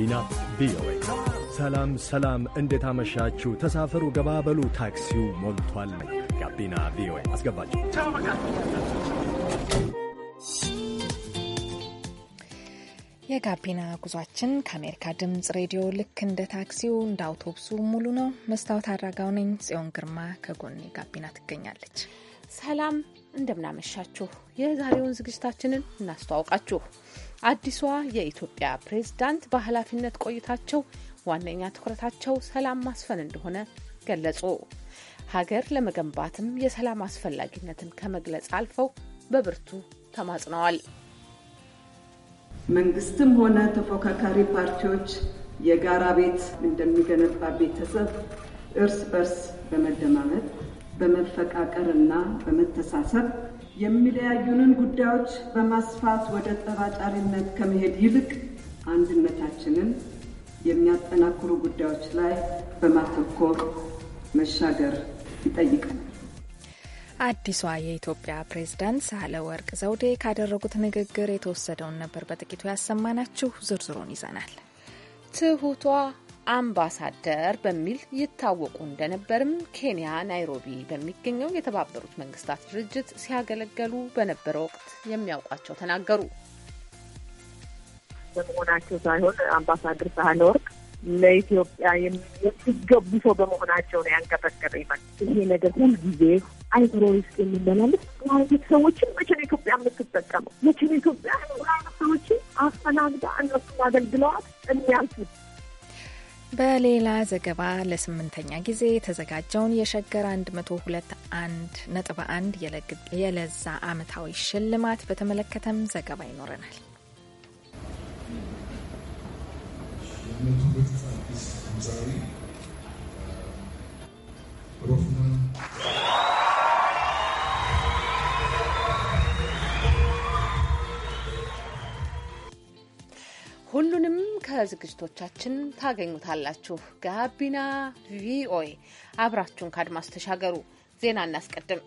ጋቢና ቪኦኤ። ሰላም ሰላም፣ እንዴት አመሻችሁ? ተሳፈሩ፣ ገባበሉ፣ ታክሲው ሞልቷል። ጋቢና ቪኦኤ አስገባችሁ። የጋቢና ጉዟችን ከአሜሪካ ድምፅ ሬዲዮ ልክ እንደ ታክሲው እንደ አውቶቡሱ ሙሉ ነው። መስታወት አድራጋው ነኝ ጽዮን ግርማ፣ ከጎን ጋቢና ትገኛለች። ሰላም እንደምናመሻችሁ። የዛሬውን ዝግጅታችንን እናስተዋውቃችሁ። አዲሷ የኢትዮጵያ ፕሬዝዳንት በኃላፊነት ቆይታቸው ዋነኛ ትኩረታቸው ሰላም ማስፈን እንደሆነ ገለጹ። ሀገር ለመገንባትም የሰላም አስፈላጊነትን ከመግለጽ አልፈው በብርቱ ተማጽነዋል። መንግስትም ሆነ ተፎካካሪ ፓርቲዎች የጋራ ቤት እንደሚገነባ ቤተሰብ እርስ በርስ በመደማመጥ በመፈቃቀርና በመተሳሰብ የሚለያዩንን ጉዳዮች በማስፋት ወደ ጠባጫሪነት ከመሄድ ይልቅ አንድነታችንን የሚያጠናክሩ ጉዳዮች ላይ በማተኮር መሻገር ይጠይቃል። አዲሷ የኢትዮጵያ ፕሬዝዳንት ሳህለ ወርቅ ዘውዴ ካደረጉት ንግግር የተወሰደውን ነበር በጥቂቱ ያሰማናችሁ። ዝርዝሩን ይዘናል። ትሁቷ አምባሳደር በሚል ይታወቁ እንደነበርም ኬንያ ናይሮቢ በሚገኘው የተባበሩት መንግስታት ድርጅት ሲያገለገሉ በነበረ ወቅት የሚያውቋቸው ተናገሩ። በመሆናቸው ሳይሆን አምባሳደር ሳህለወርቅ ለኢትዮጵያ የሚገቡ ሰው በመሆናቸው ነው ያንቀጠቀጠ ይመል ይሄ ነገር ሁልጊዜ አይምሮ ውስጥ የሚመላለስ አይነት ሰዎችን መቼ ነው ኢትዮጵያ የምትጠቀመው? መቼ ነው ኢትዮጵያ ሰዎችን አስተናግዳ እነሱን አገልግለዋት የሚያልፉት? በሌላ ዘገባ ለስምንተኛ ጊዜ የተዘጋጀውን የሸገር 102 ነጥብ የለዛ ዓመታዊ ሽልማት በተመለከተም ዘገባ ይኖረናል። ሁሉንም ከዝግጅቶቻችን ታገኙታላችሁ። ጋቢና ቪኦኤ አብራችሁን ከአድማስ ተሻገሩ። ዜና እናስቀድም።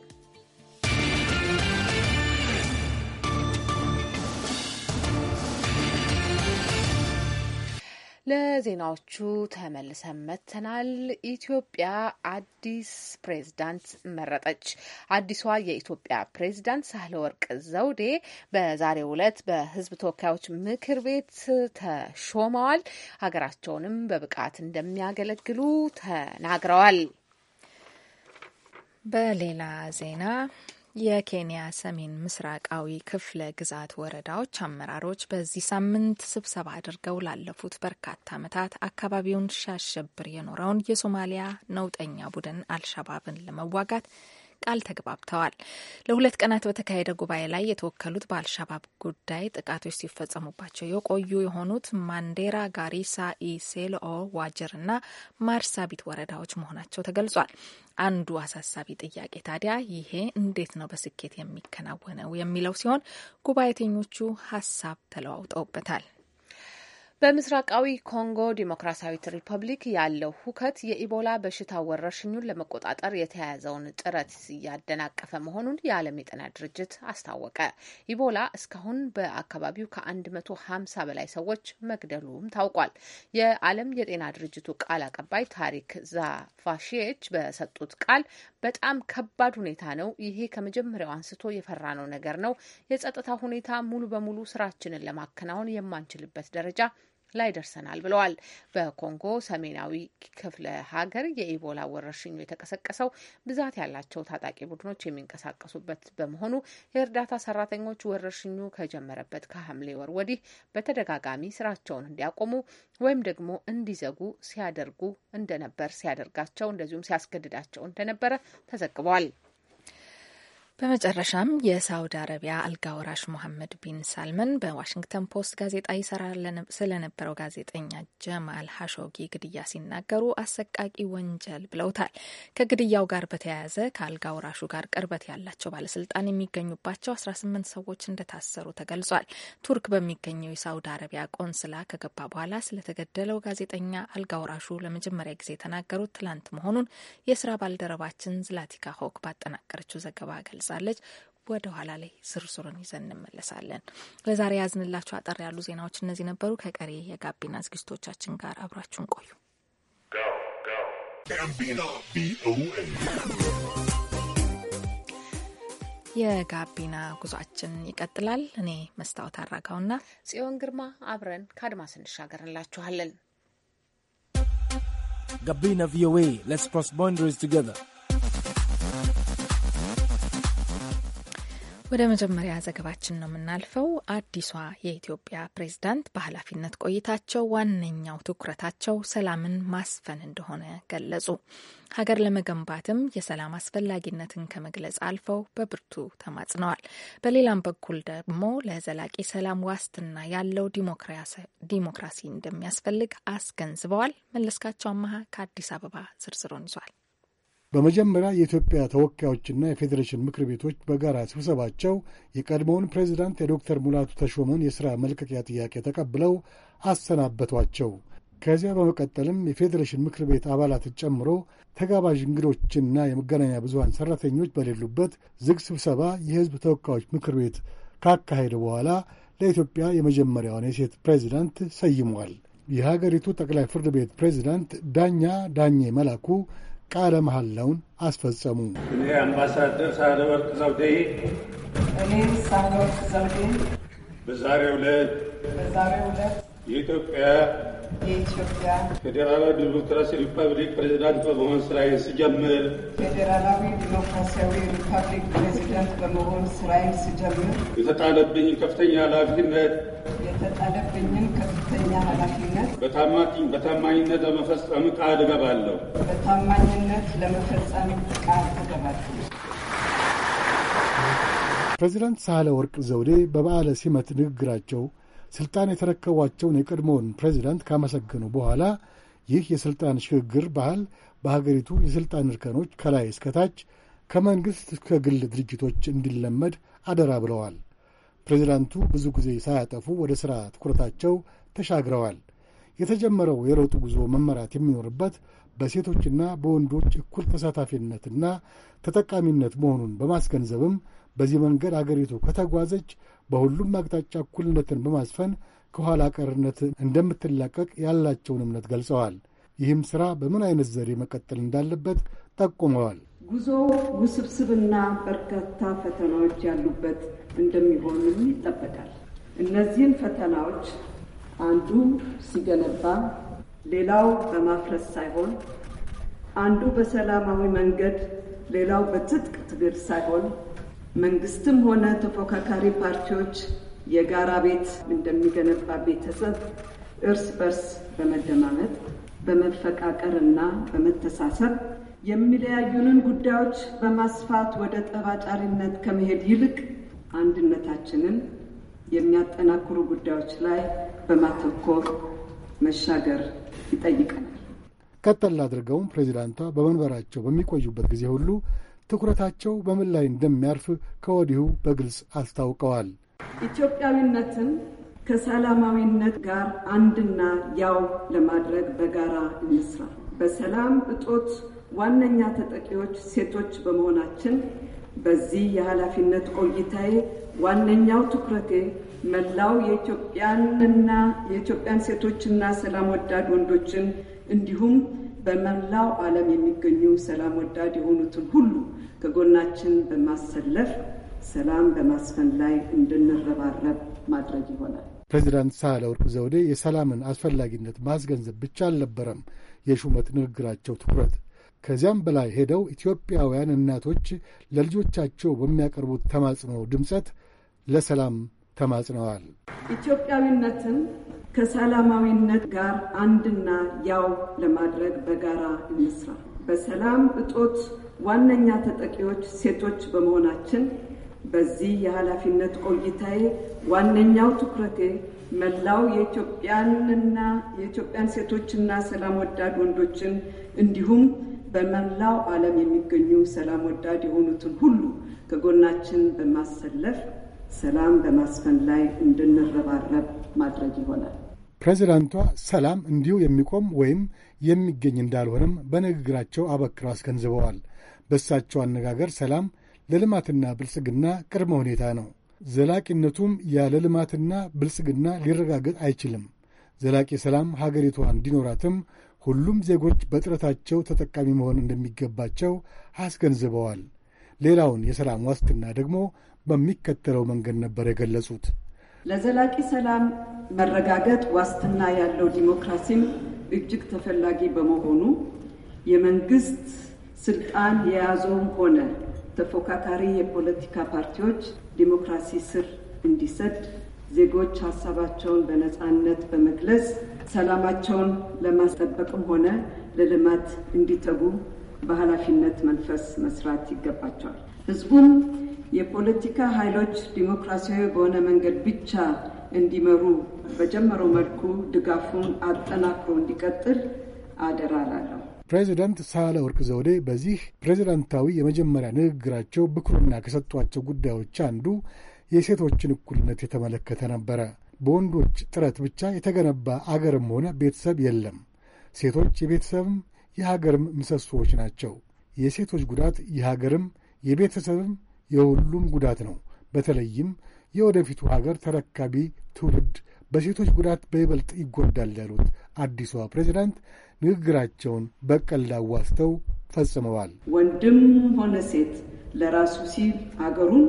ለዜናዎቹ ተመልሰን መጥተናል። ኢትዮጵያ አዲስ ፕሬዝዳንት መረጠች። አዲሷ የኢትዮጵያ ፕሬዝዳንት ሳህለ ወርቅ ዘውዴ በዛሬው ዕለት በሕዝብ ተወካዮች ምክር ቤት ተሾመዋል። ሀገራቸውንም በብቃት እንደሚያገለግሉ ተናግረዋል። በሌላ ዜና የኬንያ ሰሜን ምስራቃዊ ክፍለ ግዛት ወረዳዎች አመራሮች በዚህ ሳምንት ስብሰባ አድርገው ላለፉት በርካታ ዓመታት አካባቢውን ሲያሸብር የኖረውን የሶማሊያ ነውጠኛ ቡድን አልሸባብን ለመዋጋት ቃል ተግባብተዋል። ለሁለት ቀናት በተካሄደ ጉባኤ ላይ የተወከሉት በአልሻባብ ጉዳይ ጥቃቶች ሲፈጸሙባቸው የቆዩ የሆኑት ማንዴራ፣ ጋሪሳ፣ ኢሴልኦ፣ ዋጀር እና ማርሳቢት ወረዳዎች መሆናቸው ተገልጿል። አንዱ አሳሳቢ ጥያቄ ታዲያ ይሄ እንዴት ነው በስኬት የሚከናወነው የሚለው ሲሆን ጉባኤተኞቹ ሀሳብ ተለዋውጠውበታል። በምስራቃዊ ኮንጎ ዲሞክራሲያዊት ሪፐብሊክ ያለው ሁከት የኢቦላ በሽታ ወረርሽኙን ለመቆጣጠር የተያያዘውን ጥረት እያደናቀፈ መሆኑን የዓለም የጤና ድርጅት አስታወቀ። ኢቦላ እስካሁን በአካባቢው ከ150 በላይ ሰዎች መግደሉም ታውቋል። የዓለም የጤና ድርጅቱ ቃል አቀባይ ታሪክ ዛፋሺች በሰጡት ቃል በጣም ከባድ ሁኔታ ነው። ይሄ ከመጀመሪያው አንስቶ የፈራነው ነገር ነው። የጸጥታ ሁኔታ ሙሉ በሙሉ ስራችንን ለማከናወን የማንችልበት ደረጃ ላይ ደርሰናል ብለዋል። በኮንጎ ሰሜናዊ ክፍለ ሀገር የኢቦላ ወረርሽኙ የተቀሰቀሰው ብዛት ያላቸው ታጣቂ ቡድኖች የሚንቀሳቀሱበት በመሆኑ የእርዳታ ሰራተኞች ወረርሽኙ ከጀመረበት ከሐምሌ ወር ወዲህ በተደጋጋሚ ስራቸውን እንዲያቆሙ ወይም ደግሞ እንዲዘጉ ሲያደርጉ እንደነበር ሲያደርጋቸው እንደዚሁም ሲያስገድዳቸው እንደነበረ ተዘግቧል። በመጨረሻም የሳውዲ አረቢያ አልጋ ወራሽ ሞሐመድ ቢን ሳልመን በዋሽንግተን ፖስት ጋዜጣ ይሰራ ስለነበረው ጋዜጠኛ ጀማል ሀሾጊ ግድያ ሲናገሩ አሰቃቂ ወንጀል ብለውታል። ከግድያው ጋር በተያያዘ ከአልጋ ወራሹ ጋር ቅርበት ያላቸው ባለስልጣን የሚገኙባቸው 18 ሰዎች እንደታሰሩ ተገልጿል። ቱርክ በሚገኘው የሳውዲ አረቢያ ቆንስላ ከገባ በኋላ ስለተገደለው ጋዜጠኛ አልጋ ወራሹ ለመጀመሪያ ጊዜ የተናገሩት ትላንት መሆኑን የስራ ባልደረባችን ዝላቲካ ሆክ ባጠናቀረችው ዘገባ ገልጿል። ገልጻለች። ወደ ኋላ ላይ ዝርዝሩን ይዘን እንመለሳለን። ለዛሬ ያዝንላችሁ አጠር ያሉ ዜናዎች እነዚህ ነበሩ። ከቀሪ የጋቢና ዝግጅቶቻችን ጋር አብራችሁን ቆዩ። የጋቢና ጉዟችን ይቀጥላል። እኔ መስታወት አራጋውና ጽዮን ግርማ አብረን ከአድማስ እንሻገር እንላችኋለን። ጋቢና ቪኦኤ ሌትስ ክሮስ ባውንደሪስ ቱጌዘር ወደ መጀመሪያ ዘገባችን ነው የምናልፈው። አዲሷ የኢትዮጵያ ፕሬዝዳንት በኃላፊነት ቆይታቸው ዋነኛው ትኩረታቸው ሰላምን ማስፈን እንደሆነ ገለጹ። ሀገር ለመገንባትም የሰላም አስፈላጊነትን ከመግለጽ አልፈው በብርቱ ተማጽነዋል። በሌላም በኩል ደግሞ ለዘላቂ ሰላም ዋስትና ያለው ዲሞክራሲ እንደሚያስፈልግ አስገንዝበዋል። መለስካቸው አመሀ ከአዲስ አበባ ዝርዝሩን ይዟል። በመጀመሪያ የኢትዮጵያ ተወካዮችና የፌዴሬሽን ምክር ቤቶች በጋራ ስብሰባቸው የቀድሞውን ፕሬዚዳንት የዶክተር ሙላቱ ተሾመን የሥራ መልቀቂያ ጥያቄ ተቀብለው አሰናበቷቸው። ከዚያ በመቀጠልም የፌዴሬሽን ምክር ቤት አባላትን ጨምሮ ተጋባዥ እንግዶችና የመገናኛ ብዙሀን ሠራተኞች በሌሉበት ዝግ ስብሰባ የሕዝብ ተወካዮች ምክር ቤት ካካሄደ በኋላ ለኢትዮጵያ የመጀመሪያውን የሴት ፕሬዚዳንት ሰይሟል። የሀገሪቱ ጠቅላይ ፍርድ ቤት ፕሬዚዳንት ዳኛ ዳኜ መላኩ ቃለ መሐላውን አስፈጸሙ። እኔ አምባሳደር ሳህለወርቅ ዘውዴ እኔ ሳህለወርቅ ዘውዴ በዛሬው ዕለት በዛሬው ዕለት የኢትዮጵያ የኢትዮጵያ ፌዴራላዊ ዲሞክራሲ ሪፐብሊክ ፕሬዚዳንት በመሆን ስራዬን ስጀምር ፌዴራላዊ ዲሞክራሲያዊ ሪፐብሊክ ፕሬዚዳንት በመሆን ስራዬን ስጀምር የተጣለብኝ ከፍተኛ ኃላፊነት ከፍተኛ ኃላፊነት በታማኝነት ለመፈጸም ቃል እገባለሁ። በታማኝነት ለመፈጸም ቃል እገባለሁ። ፕሬዚዳንት ሳህለ ወርቅ ዘውዴ በበዓለ ሲመት ንግግራቸው ስልጣን የተረከቧቸውን የቀድሞውን ፕሬዚዳንት ካመሰገኑ በኋላ ይህ የስልጣን ሽግግር ባህል በሀገሪቱ የስልጣን እርከኖች ከላይ እስከታች ከመንግሥት እስከ ግል ድርጅቶች እንዲለመድ አደራ ብለዋል። ፕሬዚዳንቱ ብዙ ጊዜ ሳያጠፉ ወደ ሥራ ትኩረታቸው ተሻግረዋል። የተጀመረው የለውጥ ጉዞ መመራት የሚኖርበት በሴቶችና በወንዶች እኩል ተሳታፊነትና ተጠቃሚነት መሆኑን በማስገንዘብም በዚህ መንገድ አገሪቱ ከተጓዘች በሁሉም አቅጣጫ እኩልነትን በማስፈን ከኋላ ቀርነት እንደምትላቀቅ ያላቸውን እምነት ገልጸዋል። ይህም ሥራ በምን አይነት ዘዴ መቀጠል እንዳለበት ጠቁመዋል። ጉዞ ውስብስብና በርካታ ፈተናዎች ያሉበት እንደሚሆንም ይጠበቃል። እነዚህን ፈተናዎች አንዱ ሲገነባ ሌላው በማፍረስ ሳይሆን አንዱ በሰላማዊ መንገድ ሌላው በትጥቅ ትግል ሳይሆን መንግስትም ሆነ ተፎካካሪ ፓርቲዎች የጋራ ቤት እንደሚገነባ ቤተሰብ እርስ በርስ በመደማመጥ በመፈቃቀርና በመተሳሰብ የሚለያዩንን ጉዳዮች በማስፋት ወደ ጠባጫሪነት ከመሄድ ይልቅ አንድነታችንን የሚያጠናክሩ ጉዳዮች ላይ በማተኮር መሻገር ይጠይቀናል። ቀጠል አድርገውም ፕሬዚዳንቷ በመንበራቸው በሚቆዩበት ጊዜ ሁሉ ትኩረታቸው በምን ላይ እንደሚያርፍ ከወዲሁ በግልጽ አስታውቀዋል። ኢትዮጵያዊነትን ከሰላማዊነት ጋር አንድና ያው ለማድረግ በጋራ እንስራ። በሰላም እጦት ዋነኛ ተጠቂዎች ሴቶች በመሆናችን በዚህ የኃላፊነት ቆይታዬ ዋነኛው ትኩረቴ መላው የኢትዮጵያንና የኢትዮጵያን ሴቶችና ሰላም ወዳድ ወንዶችን እንዲሁም በመላው ዓለም የሚገኙ ሰላም ወዳድ የሆኑትን ሁሉ ከጎናችን በማሰለፍ ሰላም በማስፈን ላይ እንድንረባረብ ማድረግ ይሆናል። ፕሬዚዳንት ሳህለወርቅ ዘውዴ የሰላምን አስፈላጊነት ማስገንዘብ ብቻ አልነበረም የሹመት ንግግራቸው ትኩረት ከዚያም በላይ ሄደው ኢትዮጵያውያን እናቶች ለልጆቻቸው በሚያቀርቡት ተማጽኖ ድምፀት ለሰላም ተማጽነዋል። ኢትዮጵያዊነትን ከሰላማዊነት ጋር አንድና ያው ለማድረግ በጋራ እንስራ። በሰላም እጦት ዋነኛ ተጠቂዎች ሴቶች በመሆናችን በዚህ የኃላፊነት ቆይታዬ ዋነኛው ትኩረቴ መላው የኢትዮጵያንና የኢትዮጵያን ሴቶችና ሰላም ወዳድ ወንዶችን እንዲሁም በመላው ዓለም የሚገኙ ሰላም ወዳድ የሆኑትን ሁሉ ከጎናችን በማሰለፍ ሰላም በማስፈን ላይ እንድንረባረብ ማድረግ ይሆናል። ፕሬዚዳንቷ ሰላም እንዲሁ የሚቆም ወይም የሚገኝ እንዳልሆነም በንግግራቸው አበክረው አስገንዝበዋል። በእሳቸው አነጋገር ሰላም ለልማትና ብልጽግና ቅድመ ሁኔታ ነው። ዘላቂነቱም ያለ ልማትና ብልጽግና ሊረጋገጥ አይችልም። ዘላቂ ሰላም ሀገሪቷ እንዲኖራትም ሁሉም ዜጎች በጥረታቸው ተጠቃሚ መሆን እንደሚገባቸው አስገንዝበዋል። ሌላውን የሰላም ዋስትና ደግሞ በሚከተለው መንገድ ነበር የገለጹት። ለዘላቂ ሰላም መረጋገጥ ዋስትና ያለው ዲሞክራሲም እጅግ ተፈላጊ በመሆኑ የመንግስት ስልጣን የያዘውም ሆነ ተፎካካሪ የፖለቲካ ፓርቲዎች ዲሞክራሲ ስር እንዲሰድ ዜጎች ሀሳባቸውን በነፃነት በመግለጽ ሰላማቸውን ለማስጠበቅም ሆነ ለልማት እንዲተጉ በኃላፊነት መንፈስ መስራት ይገባቸዋል። ህዝቡም የፖለቲካ ኃይሎች ዲሞክራሲያዊ በሆነ መንገድ ብቻ እንዲመሩ በጀመረው መልኩ ድጋፉን አጠናክሮ እንዲቀጥል አደራላለሁ። እላለሁ። ፕሬዚዳንት ወርቅ ዘውዴ በዚህ ፕሬዚዳንታዊ የመጀመሪያ ንግግራቸው ብኩርና ከሰጧቸው ጉዳዮች አንዱ የሴቶችን እኩልነት የተመለከተ ነበረ። በወንዶች ጥረት ብቻ የተገነባ አገርም ሆነ ቤተሰብ የለም። ሴቶች የቤተሰብም የሀገርም ምሰሶዎች ናቸው። የሴቶች ጉዳት የሀገርም የቤተሰብም የሁሉም ጉዳት ነው። በተለይም የወደፊቱ ሀገር ተረካቢ ትውልድ በሴቶች ጉዳት በይበልጥ ይጎዳል ያሉት አዲሷ ፕሬዚዳንት ንግግራቸውን በቀልድ አዋስተው ፈጽመዋል። ወንድም ሆነ ሴት ለራሱ ሲል አገሩን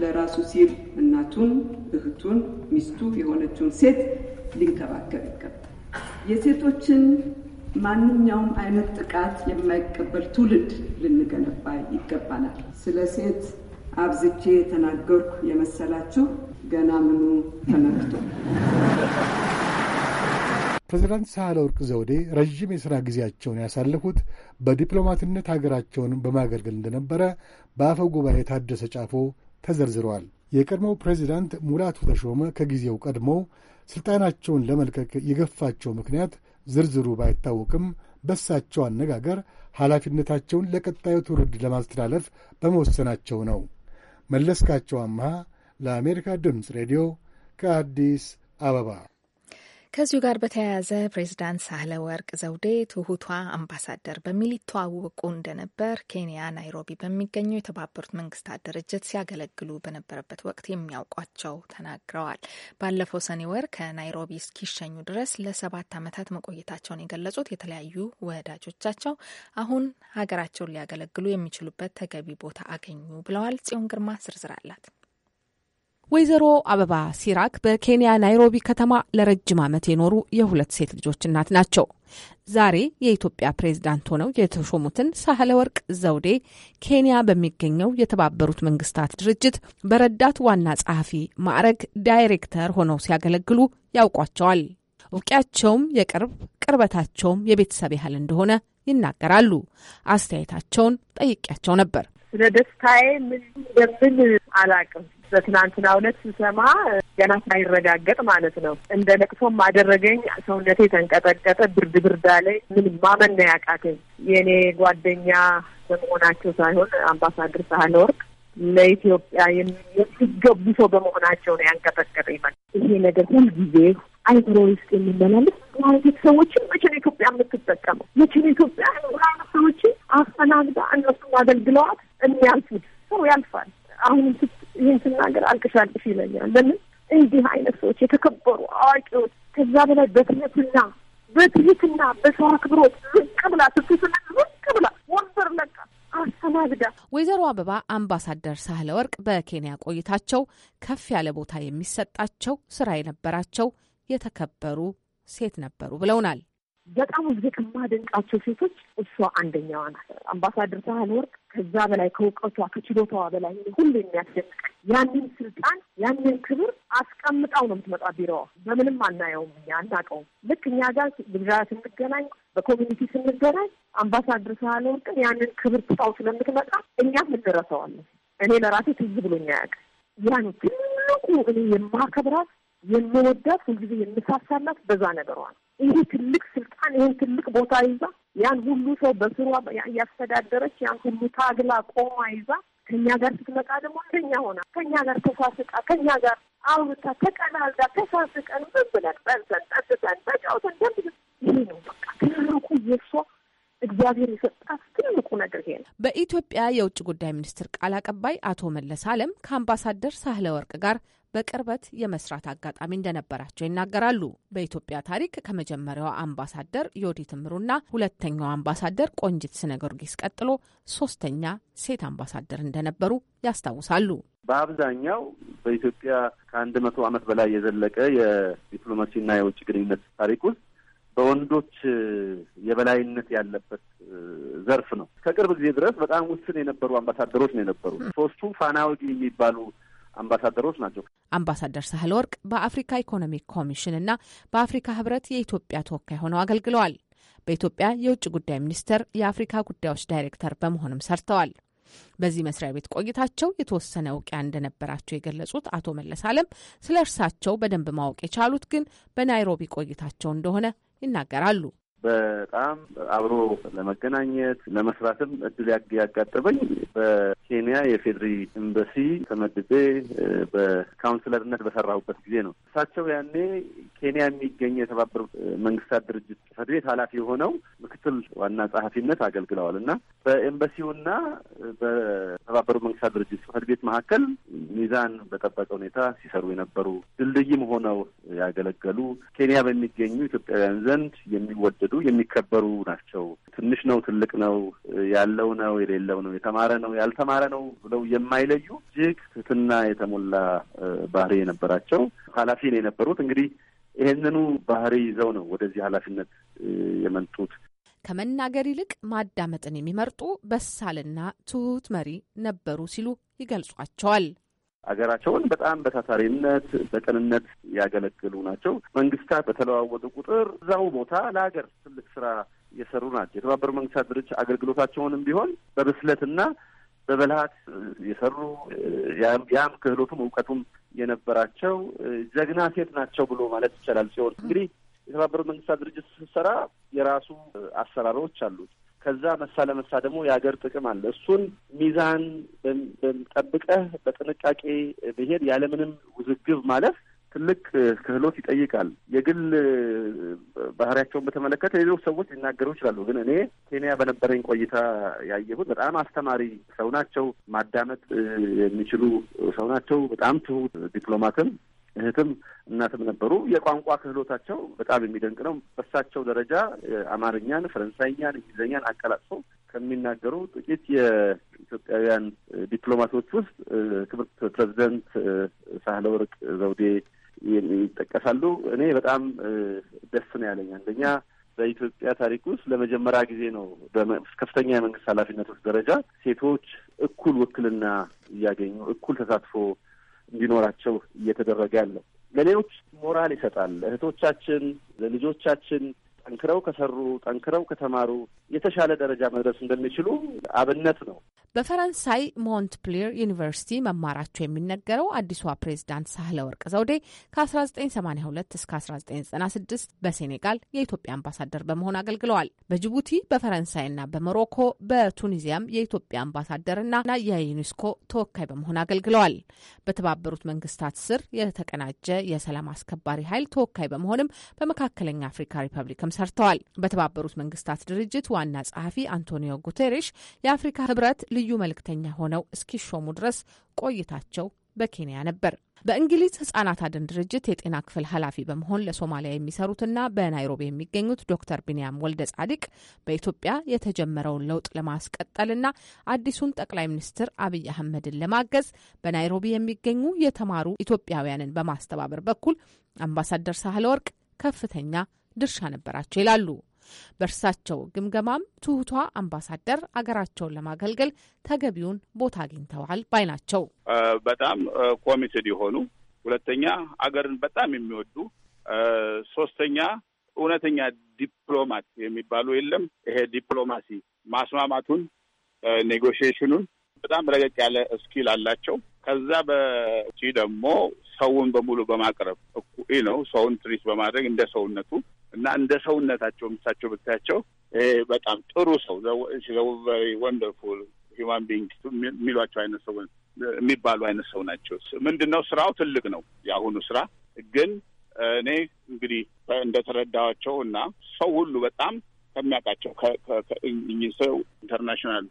ለራሱ ሲል እናቱን፣ እህቱን፣ ሚስቱ የሆነችውን ሴት ሊንከባከብ ይገባል። የሴቶችን ማንኛውም አይነት ጥቃት የማይቀበል ትውልድ ልንገነባ ይገባናል። ስለ ሴት አብዝቼ የተናገርኩ የመሰላችሁ ገና ምኑ ተመልክቶ ፕሬዚዳንት ሳህለ ወርቅ ዘውዴ ረዥም የሥራ ጊዜያቸውን ያሳለፉት በዲፕሎማትነት ሀገራቸውን በማገልገል እንደነበረ በአፈ ጉባኤ ታደሰ ጫፎ ተዘርዝረዋል። የቀድሞው ፕሬዚዳንት ሙላቱ ተሾመ ከጊዜው ቀድሞ ሥልጣናቸውን ለመልቀቅ የገፋቸው ምክንያት ዝርዝሩ ባይታወቅም በሳቸው አነጋገር ኃላፊነታቸውን ለቀጣዩ ትውልድ ለማስተላለፍ በመወሰናቸው ነው። መለስካቸው አምሃ ለአሜሪካ ድምፅ ሬዲዮ ከአዲስ አበባ ከዚሁ ጋር በተያያዘ ፕሬዚዳንት ሳህለ ወርቅ ዘውዴ ትሁቷ አምባሳደር በሚል ይተዋወቁ እንደነበር ኬንያ ናይሮቢ በሚገኘው የተባበሩት መንግስታት ድርጅት ሲያገለግሉ በነበረበት ወቅት የሚያውቋቸው ተናግረዋል። ባለፈው ሰኔ ወር ከናይሮቢ እስኪሸኙ ድረስ ለሰባት ዓመታት መቆየታቸውን የገለጹት የተለያዩ ወዳጆቻቸው አሁን ሀገራቸውን ሊያገለግሉ የሚችሉበት ተገቢ ቦታ አገኙ ብለዋል። ጽዮን ግርማ ዝርዝር አላት። ወይዘሮ አበባ ሲራክ በኬንያ ናይሮቢ ከተማ ለረጅም ዓመት የኖሩ የሁለት ሴት ልጆች እናት ናቸው። ዛሬ የኢትዮጵያ ፕሬዝዳንት ሆነው የተሾሙትን ሳህለ ወርቅ ዘውዴ ኬንያ በሚገኘው የተባበሩት መንግስታት ድርጅት በረዳት ዋና ጸሐፊ ማዕረግ ዳይሬክተር ሆነው ሲያገለግሉ ያውቋቸዋል። እውቂያቸውም የቅርብ ቅርበታቸውም የቤተሰብ ያህል እንደሆነ ይናገራሉ። አስተያየታቸውን ጠይቄያቸው ነበር። ስለ ደስታዬ ምን እንደምን አላቅም በትናንትና ሁለት ስሰማ ገና ሳይረጋገጥ ማለት ነው እንደ ለቅሶም አደረገኝ። ሰውነቴ ተንቀጠቀጠ፣ ብርድ ብርድ አለኝ። ምን ማመን ነው ያቃተኝ። የእኔ ጓደኛ በመሆናቸው ሳይሆን አምባሳደር ሳህለ ወርቅ ለኢትዮጵያ የሚገቡ ሰው በመሆናቸው ነው ያንቀጠቀጠኝ። ማለት ይሄ ነገር ሁልጊዜ አይምሮ ውስጥ የሚመላለስ አይነት ሰዎችን መቼ ነው ኢትዮጵያ የምትጠቀመው? መቼ ነው ኢትዮጵያ ሰዎችን አፈናግዳ እነሱም አገልግለዋት የሚያልፉት? ሰው ያልፋል አሁን ይህን ስናገር አልቅሻልቅሽ ይለኛል። ለምን እንዲህ አይነት ሰዎች የተከበሩ አዋቂዎች ከዛ በላይ በትነትና በትህትና በሰው አክብሮት ዝቅ ብላ ስትስነ ዝቅ ብላ ወንበር ለቃ ወይዘሮ አበባ አምባሳደር ሳህለ ወርቅ በኬንያ ቆይታቸው ከፍ ያለ ቦታ የሚሰጣቸው ስራ የነበራቸው የተከበሩ ሴት ነበሩ ብለውናል። በጣም እዚህ ከማደንቃቸው ሴቶች እሷ አንደኛዋ ናት። አምባሳደር ወርቅ ከዛ በላይ ከእውቀቷ ከችሎታዋ በላይ ሁሉ የሚያስደንቅ ያንን ስልጣን ያንን ክብር አስቀምጣው ነው የምትመጣ። ቢሮዋ በምንም አናየውም እኛ አናውቀውም። ልክ እኛ ጋር ብድራ ስንገናኝ፣ በኮሚኒቲ ስንገናኝ አምባሳደር ወርቅን ያንን ክብር ትጣው ስለምትመጣ እኛም እንረሳዋለን። እኔ ለራሴ ትዝ ብሎኛ ያውቅ ያ ነው ትልቁ እኔ የማከብራት የምወዳት ሁልጊዜ የምሳሳላት በዛ ነገሯ ነው። ይሄ ትልቅ ስልጣን ይሄን ትልቅ ቦታ ይዛ ያን ሁሉ ሰው በስሯ እያስተዳደረች ያን ሁሉ ታግላ ቆማ ይዛ ከኛ ጋር ስትመጣ ደግሞ እንደኛ ሆና ከኛ ጋር ተሳስቃ ከኛ ጋር አውርታ ተቀላልዳ ተሳስቀን ምን ብለን በልተን ጠጥተን ተጫውተን ደንብ ይሄ ነው በቃ ትልቁ የእሷ እግዚአብሔር የሰጣት ትልቁ ነገር ይሄ ነው። በኢትዮጵያ የውጭ ጉዳይ ሚኒስትር ቃል አቀባይ አቶ መለስ አለም ከአምባሳደር ሳህለ ወርቅ ጋር በቅርበት የመስራት አጋጣሚ እንደነበራቸው ይናገራሉ። በኢትዮጵያ ታሪክ ከመጀመሪያው አምባሳደር ዮዲት ምሩና ሁለተኛው አምባሳደር ቆንጅት ስነ ጊዮርጊስ ቀጥሎ ሶስተኛ ሴት አምባሳደር እንደነበሩ ያስታውሳሉ። በአብዛኛው በኢትዮጵያ ከአንድ መቶ ዓመት በላይ የዘለቀ የዲፕሎማሲና የውጭ ግንኙነት ታሪክ ውስጥ በወንዶች የበላይነት ያለበት ዘርፍ ነው። ከቅርብ ጊዜ ድረስ በጣም ውስን የነበሩ አምባሳደሮች ነው የነበሩ። ሶስቱ ፋናወጊ የሚባሉ አምባሳደሮች ናቸው። አምባሳደር ሳህለ ወርቅ በአፍሪካ ኢኮኖሚክ ኮሚሽን እና በአፍሪካ ህብረት የኢትዮጵያ ተወካይ ሆነው አገልግለዋል። በኢትዮጵያ የውጭ ጉዳይ ሚኒስቴር የአፍሪካ ጉዳዮች ዳይሬክተር በመሆንም ሰርተዋል። በዚህ መስሪያ ቤት ቆይታቸው የተወሰነ እውቅያ እንደነበራቸው የገለጹት አቶ መለስ አለም ስለ እርሳቸው በደንብ ማወቅ የቻሉት ግን በናይሮቢ ቆይታቸው እንደሆነ ይናገራሉ። በጣም አብሮ ለመገናኘት ለመስራትም እድል ያጋጠመኝ በኬንያ የፌድሪ ኤምባሲ ተመድቤ በካውንስለርነት በሰራሁበት ጊዜ ነው። እሳቸው ያኔ ኬንያ የሚገኘ የተባበሩት መንግስታት ድርጅት ጽፈት ቤት ኃላፊ የሆነው ምክትል ዋና ጸሐፊነት አገልግለዋል እና በኤምባሲውና በተባበሩት መንግስታት ድርጅት ጽፈት ቤት መካከል ሚዛን በጠበቀ ሁኔታ ሲሰሩ የነበሩ ድልድይም ሆነው ያገለገሉ ኬንያ በሚገኙ ኢትዮጵያውያን ዘንድ የሚወደ የሚወስዱ የሚከበሩ ናቸው። ትንሽ ነው፣ ትልቅ ነው፣ ያለው ነው፣ የሌለው ነው፣ የተማረ ነው፣ ያልተማረ ነው ብለው የማይለዩ እጅግ ትህትና የተሞላ ባህሪ የነበራቸው ኃላፊ ነው የነበሩት። እንግዲህ ይህንኑ ባህሪ ይዘው ነው ወደዚህ ኃላፊነት የመጡት። ከመናገር ይልቅ ማዳመጥን የሚመርጡ በሳልና ትሁት መሪ ነበሩ ሲሉ ይገልጿቸዋል። አገራቸውን በጣም በታታሪነት በቅንነት ያገለግሉ ናቸው። መንግስታት በተለዋወጡ ቁጥር እዛው ቦታ ለሀገር ትልቅ ስራ የሰሩ ናቸው። የተባበሩ መንግስታት ድርጅት አገልግሎታቸውንም ቢሆን በብስለትና በበልሃት የሰሩ ያም ክህሎቱም እውቀቱም የነበራቸው ጀግና ሴት ናቸው ብሎ ማለት ይቻላል። ሲሆን እንግዲህ የተባበሩት መንግስታት ድርጅት ስሰራ የራሱ አሰራሮች አሉት። ከዛ መሳ ለመሳ ደግሞ የሀገር ጥቅም አለ። እሱን ሚዛን ጠብቀህ በጥንቃቄ ብሄድ ያለምንም ውዝግብ ማለት ትልቅ ክህሎት ይጠይቃል። የግል ባህሪያቸውን በተመለከተ የሌሎች ሰዎች ሊናገሩ ይችላሉ። ግን እኔ ኬንያ በነበረኝ ቆይታ ያየሁት በጣም አስተማሪ ሰው ናቸው። ማዳመጥ የሚችሉ ሰው ናቸው። በጣም ትሁት ዲፕሎማትም እህትም እናትም ነበሩ። የቋንቋ ክህሎታቸው በጣም የሚደንቅ ነው። በእሳቸው ደረጃ አማርኛን፣ ፈረንሳይኛን፣ እንግሊዝኛን አቀላጥፎ ከሚናገሩ ጥቂት የኢትዮጵያውያን ዲፕሎማቶች ውስጥ ክብርት ፕሬዚደንት ሳህለወርቅ ዘውዴ ይጠቀሳሉ። እኔ በጣም ደስ ነው ያለኝ አንደኛ በኢትዮጵያ ታሪክ ውስጥ ለመጀመሪያ ጊዜ ነው ከፍተኛ የመንግስት ኃላፊነቶች ደረጃ ሴቶች እኩል ውክልና እያገኙ እኩል ተሳትፎ እንዲኖራቸው እየተደረገ ያለው ለሌሎች ሞራል ይሰጣል። እህቶቻችን ለልጆቻችን ጠንክረው ከሰሩ ጠንክረው ከተማሩ የተሻለ ደረጃ መድረስ እንደሚችሉ አብነት ነው። በፈረንሳይ ሞንትፕሊር ዩኒቨርሲቲ መማራቸው የሚነገረው አዲሷ ፕሬዝዳንት ሳህለ ወርቅ ዘውዴ ከ1982 እስከ 1996 በሴኔጋል የኢትዮጵያ አምባሳደር በመሆን አገልግለዋል። በጅቡቲ በፈረንሳይና በሞሮኮ በቱኒዚያም የኢትዮጵያ አምባሳደርና የዩኒስኮ ተወካይ በመሆን አገልግለዋል። በተባበሩት መንግስታት ስር የተቀናጀ የሰላም አስከባሪ ኃይል ተወካይ በመሆንም በመካከለኛ አፍሪካ ሪፐብሊክም ሰርተዋል። በተባበሩት መንግስታት ድርጅት ዋና ጸሐፊ አንቶኒዮ ጉቴሬሽ የአፍሪካ ህብረት ልዩ ልዩ መልእክተኛ ሆነው እስኪሾሙ ድረስ ቆይታቸው በኬንያ ነበር። በእንግሊዝ ህጻናት አድን ድርጅት የጤና ክፍል ኃላፊ በመሆን ለሶማሊያ የሚሰሩትና በናይሮቢ የሚገኙት ዶክተር ቢንያም ወልደ ጻዲቅ በኢትዮጵያ የተጀመረውን ለውጥ ለማስቀጠልና አዲሱን ጠቅላይ ሚኒስትር አብይ አህመድን ለማገዝ በናይሮቢ የሚገኙ የተማሩ ኢትዮጵያውያንን በማስተባበር በኩል አምባሳደር ሳህለ ወርቅ ከፍተኛ ድርሻ ነበራቸው ይላሉ። በእርሳቸው ግምገማም ትሁቷ አምባሳደር አገራቸውን ለማገልገል ተገቢውን ቦታ አግኝተዋል ባይ ናቸው። በጣም ኮሚትድ የሆኑ ሁለተኛ አገርን በጣም የሚወዱ ሶስተኛ እውነተኛ ዲፕሎማት የሚባሉ የለም። ይሄ ዲፕሎማሲ ማስማማቱን፣ ኔጎሽሽኑን በጣም ረገቅ ያለ እስኪል አላቸው። ከዛ በውጪ ደግሞ ሰውን በሙሉ በማቅረብ እኩ ነው ሰውን ትሪት በማድረግ እንደ ሰውነቱ እና እንደ ሰውነታቸው ምሳቸው ብታያቸው በጣም ጥሩ ሰው ወንደርፉል ሂማን ቢንግ የሚሏቸው አይነት ሰው የሚባሉ አይነት ሰው ናቸው። ምንድን ነው ስራው ትልቅ ነው የአሁኑ ስራ ግን እኔ እንግዲህ እንደተረዳኋቸው እና ሰው ሁሉ በጣም ከሚያውቃቸው ከእኚህ ሰው ኢንተርናሽናል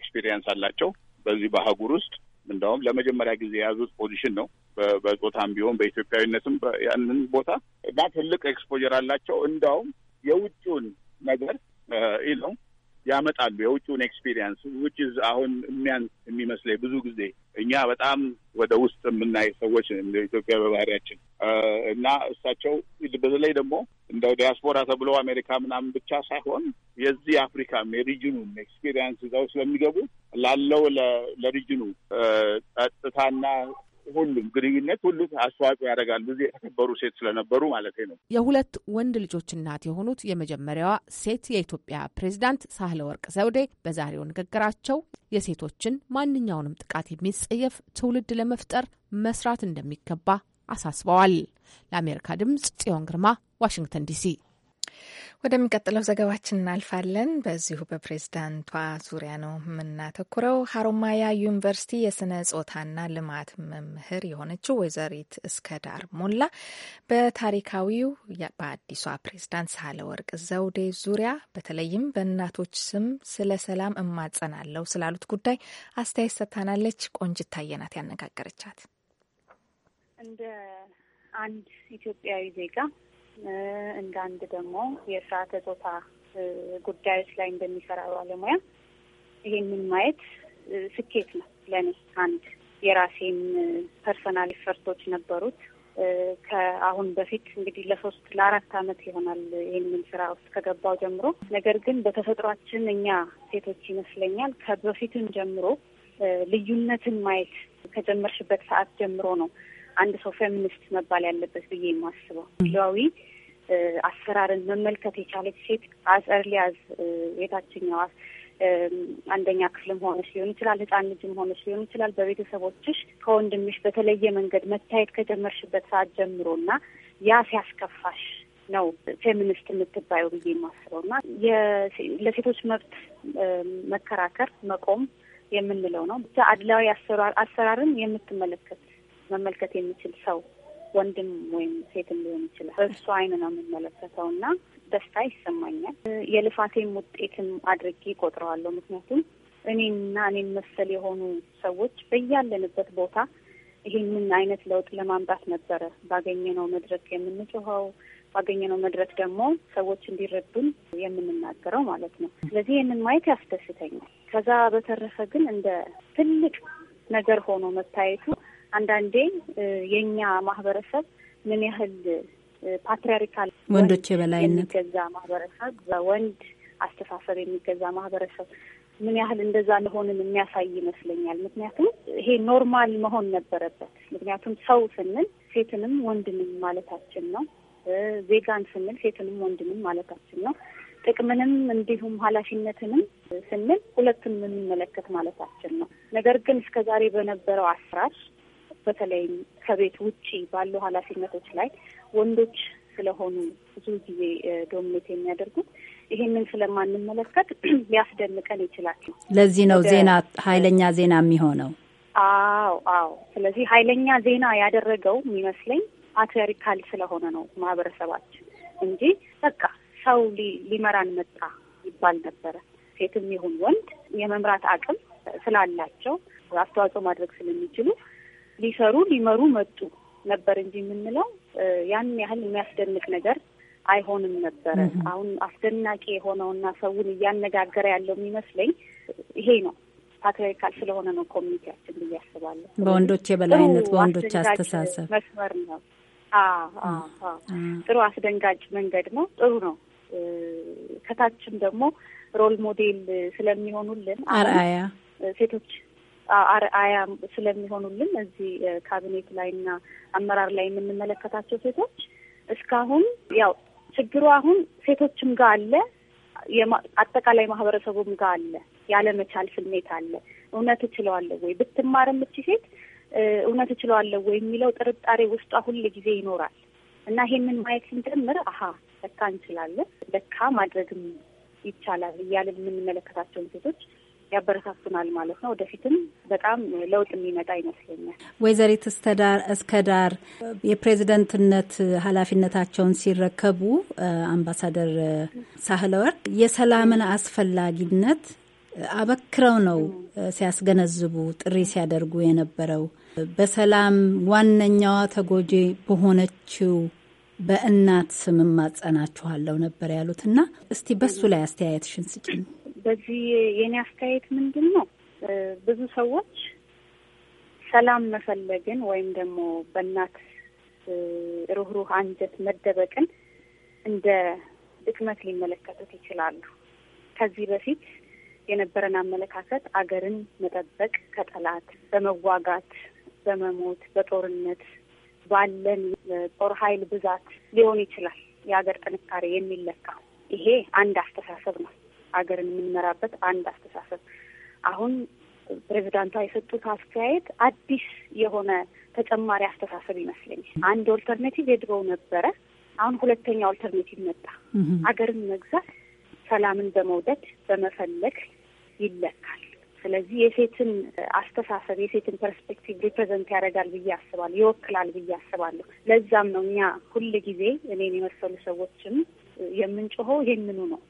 ኤክስፒሪየንስ አላቸው በዚህ በአህጉር ውስጥ እንደውም ለመጀመሪያ ጊዜ የያዙት ፖዚሽን ነው። በጾታም ቢሆን በኢትዮጵያዊነትም ያንን ቦታ እና ትልቅ ኤክስፖጀር አላቸው። እንደውም የውጭውን ነገር ይዘው ያመጣሉ። የውጭውን ኤክስፒሪየንስ ውጭ አሁን የሚያንስ የሚመስለኝ ብዙ ጊዜ እኛ በጣም ወደ ውስጥ የምናይ ሰዎች ኢትዮጵያ በባህሪያችን እና እሳቸው በተለይ ደግሞ እንደ ዲያስፖራ ተብሎ አሜሪካ ምናምን ብቻ ሳይሆን የዚህ አፍሪካ የሪጅኑ ኤክስፔሪየንስ እዛው ስለሚገቡ ላለው ለሪጅኑ ጸጥታና ሁሉም ግንኙነት ሁሉ አስተዋጽኦ ያደርጋሉ እዚህ የተከበሩ ሴት ስለነበሩ ማለት ነው። የሁለት ወንድ ልጆች እናት የሆኑት የመጀመሪያዋ ሴት የኢትዮጵያ ፕሬዚዳንት ሳህለ ወርቅ ዘውዴ በዛሬው ንግግራቸው የሴቶችን ማንኛውንም ጥቃት የሚጸየፍ ትውልድ ለመፍጠር መስራት እንደሚገባ አሳስበዋል። ለአሜሪካ ድምጽ ጽዮን ግርማ ዋሽንግተን ዲሲ ወደሚቀጥለው ዘገባችን እናልፋለን። በዚሁ በፕሬዝዳንቷ ዙሪያ ነው የምናተኩረው። ሀሮማያ ዩኒቨርሲቲ የስነ ጾታና ልማት መምህር የሆነችው ወይዘሪት እስከዳር ሞላ በታሪካዊው በአዲሷ ፕሬዝዳንት ወርቅ ዘውዴ ዙሪያ በተለይም በእናቶች ስም ስለ ሰላም እማጸናለሁ ስላሉት ጉዳይ አስተያየት ሰጥታናለች። ቆንጅት ታየናት ያነጋገረቻት። እንደ አንድ ኢትዮጵያዊ ዜጋ እንደ አንድ ደግሞ የስርዓተ ጾታ ጉዳዮች ላይ እንደሚሰራ ባለሙያ ይሄንን ማየት ስኬት ነው ለእኔ። አንድ የራሴን ፐርሰናል ፈርቶች ነበሩት። ከአሁን በፊት እንግዲህ ለሶስት ለአራት አመት ይሆናል ይህንን ስራ ውስጥ ከገባው ጀምሮ። ነገር ግን በተፈጥሯችን እኛ ሴቶች ይመስለኛል ከበፊትም ጀምሮ ልዩነትን ማየት ከጀመርሽበት ሰዓት ጀምሮ ነው አንድ ሰው ፌሚኒስት መባል ያለበት ብዬ የማስበው ሉዓዊ አሰራርን መመልከት የቻለች ሴት አጸር ሊያዝ የታችኛዋ አንደኛ ክፍልም ሆነች ሊሆን ይችላል፣ ህጻን ልጅም ሆነች ሊሆን ይችላል። በቤተሰቦችሽ ከወንድምሽ በተለየ መንገድ መታየት ከጀመርሽበት ሰዓት ጀምሮ እና ያ ሲያስከፋሽ ነው ፌሚኒስት የምትባየው ብዬ የማስበው እና ለሴቶች መብት መከራከር መቆም የምንለው ነው። ብቻ አድላዊ አሰራርን የምትመለከት መመልከት የሚችል ሰው ወንድም ወይም ሴትም ሊሆን ይችላል። በእሱ አይን ነው የምመለከተው እና ደስታ ይሰማኛል። የልፋቴም ውጤትም አድርጌ ቆጥረዋለሁ። ምክንያቱም እኔና እኔን መሰል የሆኑ ሰዎች በያለንበት ቦታ ይህንን አይነት ለውጥ ለማምጣት ነበረ ባገኘነው መድረክ የምንጮኸው፣ ባገኘነው መድረክ ደግሞ ሰዎች እንዲረዱን የምንናገረው ማለት ነው። ስለዚህ ይህንን ማየት ያስደስተኛል። ከዛ በተረፈ ግን እንደ ትልቅ ነገር ሆኖ መታየቱ አንዳንዴ የእኛ ማህበረሰብ ምን ያህል ፓትሪያርካል ወንዶች የበላይነት የሚገዛ ማህበረሰብ በወንድ አስተሳሰብ የሚገዛ ማህበረሰብ ምን ያህል እንደዛ መሆንን የሚያሳይ ይመስለኛል። ምክንያቱም ይሄ ኖርማል መሆን ነበረበት። ምክንያቱም ሰው ስንል ሴትንም ወንድንም ማለታችን ነው። ዜጋን ስንል ሴትንም ወንድንም ማለታችን ነው። ጥቅምንም እንዲሁም ኃላፊነትንም ስንል ሁለቱንም የሚመለከት ማለታችን ነው። ነገር ግን እስከ ዛሬ በነበረው አሰራር በተለይም ከቤት ውጪ ባሉ ኃላፊነቶች ላይ ወንዶች ስለሆኑ ብዙ ጊዜ ዶሚኔት የሚያደርጉት ይህንን ስለማንመለከት ሊያስደንቀን ይችላል። ለዚህ ነው ዜና ኃይለኛ ዜና የሚሆነው። አዎ አዎ። ስለዚህ ኃይለኛ ዜና ያደረገው የሚመስለኝ ፓትሪያርካል ስለሆነ ነው ማህበረሰባችን እንጂ በቃ ሰው ሊመራን መጣ ይባል ነበረ። ሴትም ይሁን ወንድ የመምራት አቅም ስላላቸው አስተዋጽኦ ማድረግ ስለሚችሉ ሊሰሩ ሊመሩ መጡ ነበር እንጂ የምንለው ያን ያህል የሚያስደንቅ ነገር አይሆንም ነበረ። አሁን አስደናቂ የሆነውና ሰውን እያነጋገረ ያለው የሚመስለኝ ይሄ ነው። ፓትሪያርካል ስለሆነ ነው ኮሚኒቲያችን ብዬ አስባለሁ። በወንዶች የበላይነት፣ በወንዶች አስተሳሰብ መስመር ነው። ጥሩ አስደንጋጭ መንገድ ነው። ጥሩ ነው። ከታችም ደግሞ ሮል ሞዴል ስለሚሆኑልን አርአያ ሴቶች አርአያ ስለሚሆኑልን እዚህ ካቢኔት ላይና አመራር ላይ የምንመለከታቸው ሴቶች እስካሁን ያው ችግሩ አሁን ሴቶችም ጋር አለ፣ አጠቃላይ ማህበረሰቡም ጋር አለ። ያለመቻል ስሜት አለ። እውነት እችለዋለሁ ወይ ብትማር የምች ሴት እውነት እችለዋለሁ ወይ የሚለው ጥርጣሬ ውስጧ ሁል ጊዜ ይኖራል እና ይሄንን ማየት ስንጀምር አሀ ለካ እንችላለን፣ ለካ ማድረግም ይቻላል እያለን የምንመለከታቸውን ሴቶች ያበረታቱናል ማለት ነው። ወደፊትም በጣም ለውጥ የሚመጣ ይመስለኛል። ወይዘሪት እስከ ዳር የፕሬዝደንትነት ኃላፊነታቸውን ሲረከቡ አምባሳደር ሳህለ ወርቅ የሰላምን አስፈላጊነት አበክረው ነው ሲያስገነዝቡ ጥሪ ሲያደርጉ የነበረው በሰላም ዋነኛዋ ተጎጂ በሆነችው በእናት ስም ማጸናችኋለሁ ነበር ያሉትና እስቲ በሱ ላይ አስተያየትሽን ስጭኝ። በዚህ የኔ አስተያየት ምንድን ነው፣ ብዙ ሰዎች ሰላም መፈለግን ወይም ደግሞ በእናት ሩህሩህ አንጀት መደበቅን እንደ ድክመት ሊመለከቱት ይችላሉ። ከዚህ በፊት የነበረን አመለካከት አገርን መጠበቅ ከጠላት በመዋጋት በመሞት፣ በጦርነት ባለን ጦር ኃይል ብዛት ሊሆን ይችላል የሀገር ጥንካሬ የሚለካው። ይሄ አንድ አስተሳሰብ ነው። አገርን የምንመራበት አንድ አስተሳሰብ። አሁን ፕሬዚዳንቷ የሰጡት አስተያየት አዲስ የሆነ ተጨማሪ አስተሳሰብ ይመስለኛል። አንድ ኦልተርኔቲቭ የድሮው ነበረ። አሁን ሁለተኛ ኦልተርኔቲቭ መጣ። አገርን መግዛት ሰላምን በመውደድ በመፈለግ ይለካል። ስለዚህ የሴትን አስተሳሰብ የሴትን ፐርስፔክቲቭ ሪፕሬዘንት ያደርጋል ብዬ አስባለሁ፣ ይወክላል ብዬ አስባለሁ። ለዛም ነው እኛ ሁል ጊዜ እኔን የመሰሉ ሰዎችም የምንጮኸው ይህንኑ ነው።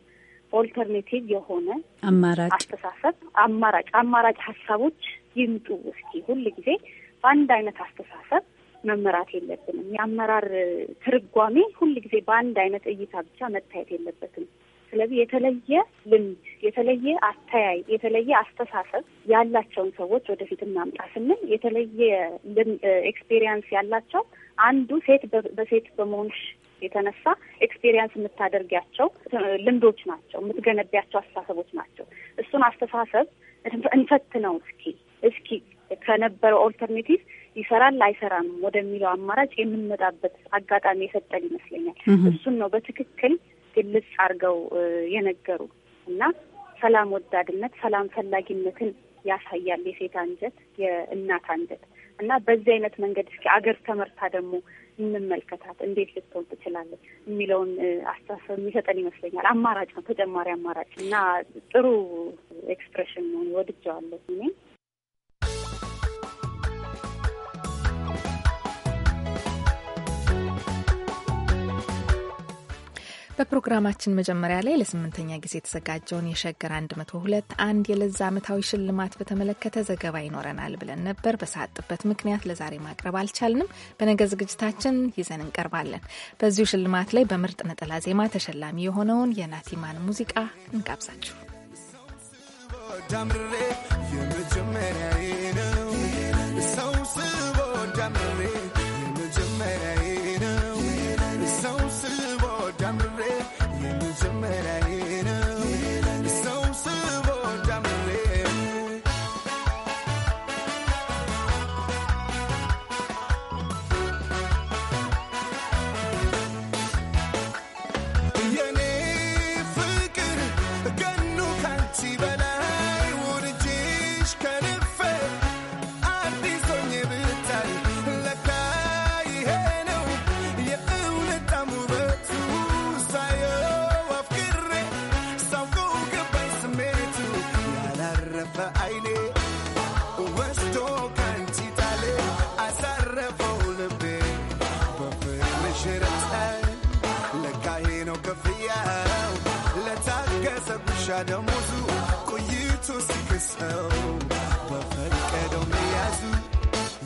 ኦልተርኔቲቭ የሆነ አማራጭ አስተሳሰብ አማራጭ አማራጭ ሀሳቦች ይምጡ። እስኪ ሁል ጊዜ በአንድ አይነት አስተሳሰብ መመራት የለብንም። የአመራር ትርጓሜ ሁል ጊዜ በአንድ አይነት እይታ ብቻ መታየት የለበትም። ስለዚህ የተለየ ልምድ፣ የተለየ አተያይ፣ የተለየ አስተሳሰብ ያላቸውን ሰዎች ወደፊት እናምጣ ስንል የተለየ ኤክስፔሪንስ ያላቸው አንዱ ሴት በሴት በመሆንሽ የተነሳ ኤክስፔሪየንስ የምታደርጊያቸው ልምዶች ናቸው፣ የምትገነቢያቸው አስተሳሰቦች ናቸው። እሱን አስተሳሰብ እንፈትነው እስኪ እስኪ ከነበረው ኦልተርኔቲቭ ይሰራል አይሰራም ወደሚለው አማራጭ የምንመጣበት አጋጣሚ የሰጠን ይመስለኛል። እሱን ነው በትክክል ግልጽ አድርገው የነገሩ እና ሰላም ወዳድነት፣ ሰላም ፈላጊነትን ያሳያል የሴት አንጀት፣ የእናት አንጀት እና በዚህ አይነት መንገድ እስኪ አገር ተመርታ ደግሞ እንመልከታት፣ እንዴት ልትሆን ትችላለች የሚለውን አስተሳሰብ የሚሰጠን ይመስለኛል። አማራጭ ነው፣ ተጨማሪ አማራጭ እና ጥሩ ኤክስፕሬሽን ነው። ወድጀዋለሁ እኔ በፕሮግራማችን መጀመሪያ ላይ ለስምንተኛ ጊዜ የተዘጋጀውን የሸገር 102 አንድ የለዛ ዓመታዊ ሽልማት በተመለከተ ዘገባ ይኖረናል ብለን ነበር። በሳጥበት ምክንያት ለዛሬ ማቅረብ አልቻልንም። በነገ ዝግጅታችን ይዘን እንቀርባለን። በዚሁ ሽልማት ላይ በምርጥ ነጠላ ዜማ ተሸላሚ የሆነውን የናቲማን ሙዚቃ እንጋብዛችሁ። ሰው ስቦ I don't want to ሰው በፈቀደው መያዙ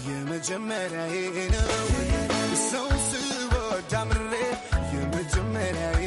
የመጀመሪያዬ ነው። ሰው ስወድ አምሬ የመጀመሪያዬ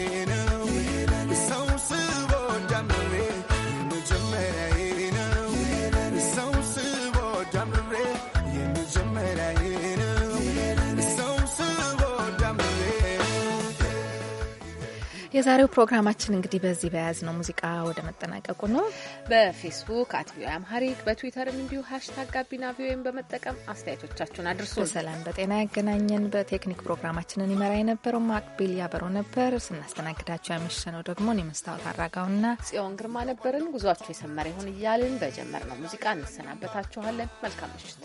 የዛሬው ፕሮግራማችን እንግዲህ በዚህ በያዝ ነው ሙዚቃ ወደ መጠናቀቁ ነው። በፌስቡክ አት ቪኦኤ አምሃሪክ በትዊተርም እንዲሁ ሀሽታግ ጋቢና ቪኦኤም በመጠቀም አስተያየቶቻችሁን አድርሱ። በሰላም በጤና ያገናኘን። በቴክኒክ ፕሮግራማችንን ይመራ የነበረው ማቅቢል ያበረው ነበር። ስናስተናግዳቸው ያመሸነው ደግሞ መስታወት አራጋውና ጽዮን ግርማ ነበርን። ጉዟችሁ የሰመረ ይሁን እያልን በጀመር ነው ሙዚቃ እንሰናበታችኋለን። መልካም ምሽት።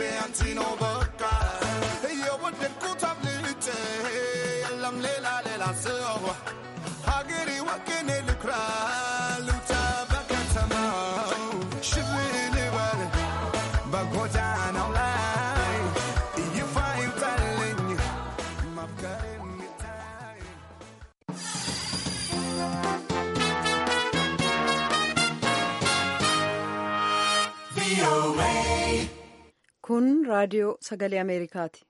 Be anti no you ሰላም ሌላ ሌላ ሰው ሀገሪ ወገኔ ልኩራ ልውጣ በከተማው ሽር ልበል በጎዳናው ላይ እይፋ ይውጣልኝ ማፍቀር የሚታይ ቪኦኤ kun raadiyoo sagalee ameerikaati.